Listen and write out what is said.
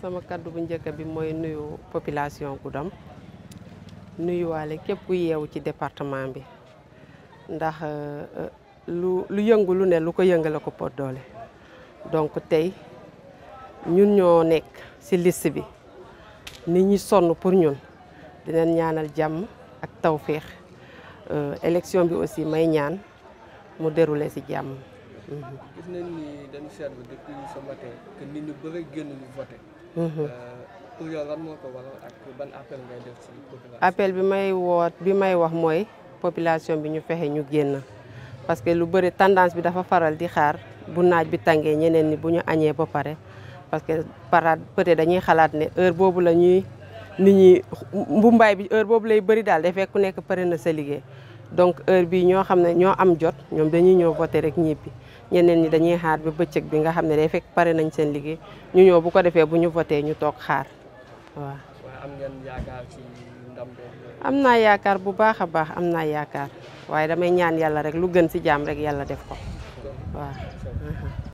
sama kaddu bu njëkk bi mooy nuyu population Goudomp nuyuwaale képp ku yeewu ci département bi ndax euh, euh, lu lu yëngulu lu ne lu ko yëngale ko pot doole donc tey ñun ñoo nekk ci list bi nit ñi sonn pour ñun dinañ ñaanal jàmm ak tawféex euh, élection bi aussi may ñaan mu déroulé si jàmm gis nañ mhm. euh, appel bi may woot bi may wax mooy population bi ñu fexe ñu génn parce que lu bëri tendance bi dafa faral di xaar bu naaj bi tàngee ñeneen ni bu ñu añee ba pare parce que paraat peut dañuy xalaat ne heure boobu la ñuy nit ñi mbumbaay bi heure boobu lay bëri daal defee ku nekk pare na sa liggéey donc heure bii ñoo xam ne ñoo am jot ñoom dañuy ñëw voté rek ñibbi. ñeneen ñi dañuy xaar ba bëccëg bi nga xam ne day fekk pare nañ seen liggéey ñu ñëw bu ko defee bu ñu votee ñu toog xaar waaw. am yaakaar naa yaakaar bu baax a baax am naa yaakaar waaye damay ñaan yàlla rek lu gën ci jaam rek yàlla def ko waaw.